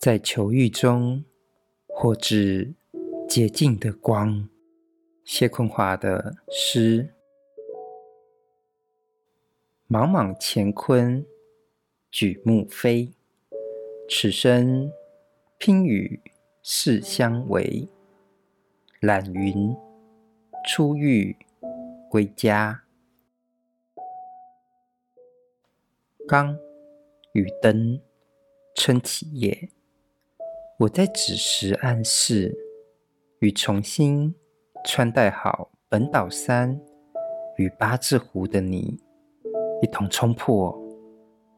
在囚獄中獲致潔淨的光。解昆樺的詩：莽莽乾坤舉目非，此生，拼與世相違。懶雲出獄歸家，鋼與燈撐起夜。我在子時暗室，與重新穿戴好本島衫與八字鬍的你，一同衝破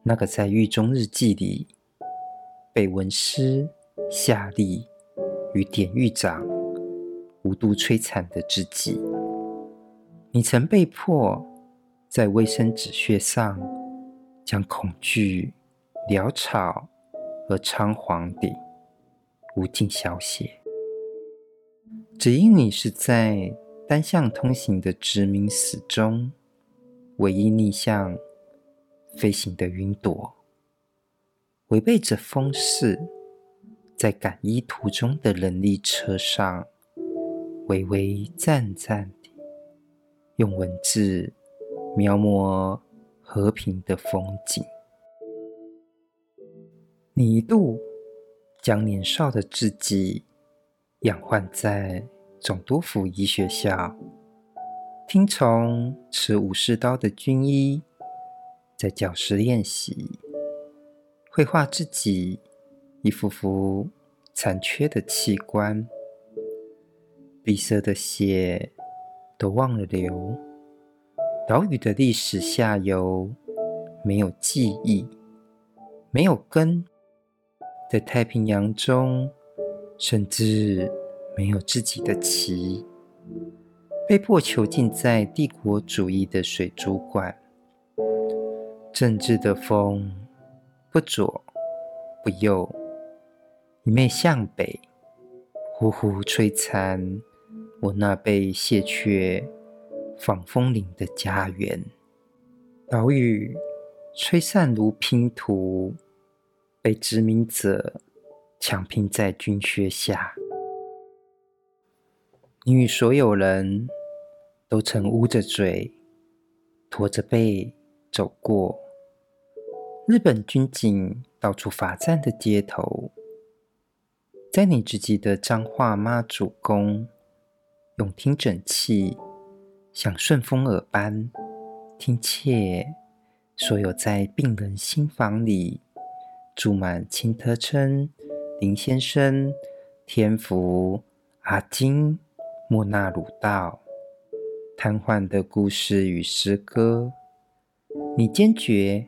那個在獄中日記裡被蚊蝨、下痢與典獄長無度摧殘的自己。你曾被迫在衛生紙屑上將恐懼潦草而倉皇地。無盡小寫，只因你是在單向通行的殖民史中，唯一逆向飛行的雲朵，違背着風勢，在趕醫途中的人力車上，危危顫顫地用文字描摹和平的風景。你一度。將年少的自己養豢在總督府醫學校，聽從持武士刀的軍醫在教室練習繪畫自己一副副殘缺的器官，碧色的血都忘了流。島嶼的歷史下游沒有記憶，沒有根。在太平洋中，甚至沒有自己的鰭，被迫囚禁在帝國主義的水族館。政治的風，不左不右，一昧向北，虎虎摧殘我那被卸卻防風林的家園。島嶼吹散如拼圖。被殖民者強拼在軍靴下，你與所有人都曾捂着嘴、駝着背走過日本軍警到處罰站的街頭，在你自己的彰化媽祖宮，用聽診器像順風耳般聽竊所有在病人心房裡。住滿秦得參、林先生，添福、阿金、莫那魯道，癱瘓的故事與詩歌，你堅決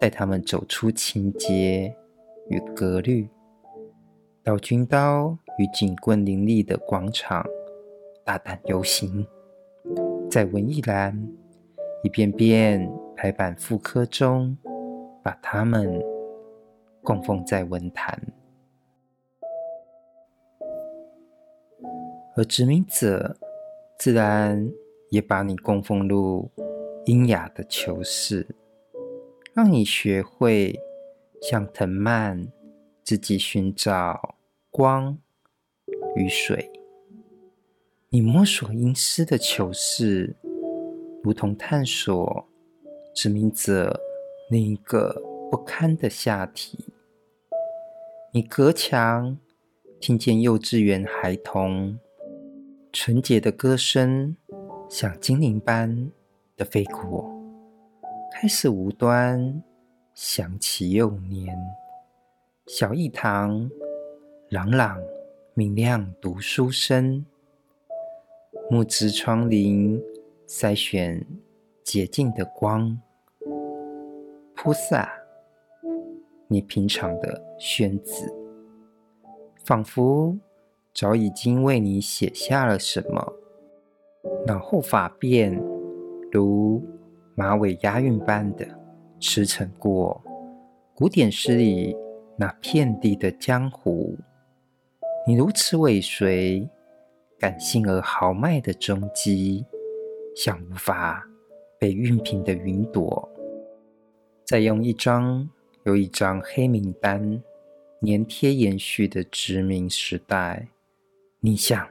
帶他們走出情節與格律，到軍刀與警棍林立的廣場大膽遊行，在文藝欄一遍遍排版複刻中，把他們。供奉在文壇，而殖民者自然也把你供奉入瘖啞的囚室，讓你學會像藤蔓自己尋找光與水。你摸索陰濕的囚室，如同探索殖民者另一個不堪的下體。你隔牆聽見幼稚園孩童純潔的歌聲，像精靈般的飛過，開始無端想起幼年小逸堂朗朗明亮讀書聲，木質窗棂篩選潔淨的光，鋪撒你平敞的宣紙，仿佛早已經為你寫下了什麼，腦後髮辮如馬尾押韻般的馳騁過古典詩裡那遍地的江湖，你如此尾隨，感性而豪邁的蹤跡，像無法被熨平的雲朵。在用一張有一張黑名單，粘貼延續的殖民時代。逆向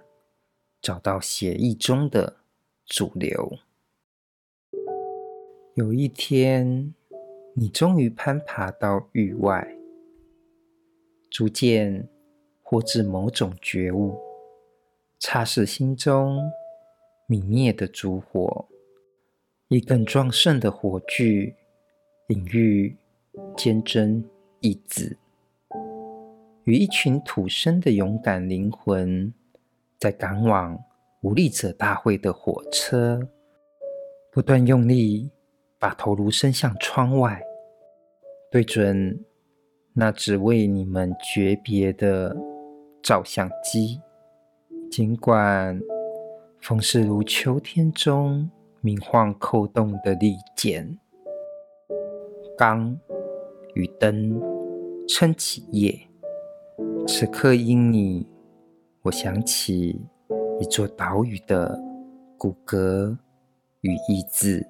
找到血液中的主流，有一天，你終於攀爬到獄外，逐漸獲致某種覺悟，擦拭心中明滅的燭火，以更壯盛的火炬隱喻，領堅貞意志與一群土生的勇敢靈魂，在趕往無力者大會的火車，不斷用力把頭顱伸向窗外，對準那只為你們訣別的照相機。儘管風勢如秋天中明晃扣動的利剪，鋼。與燈撐起夜，此刻因你，我想起一座島嶼的骨骼與意志。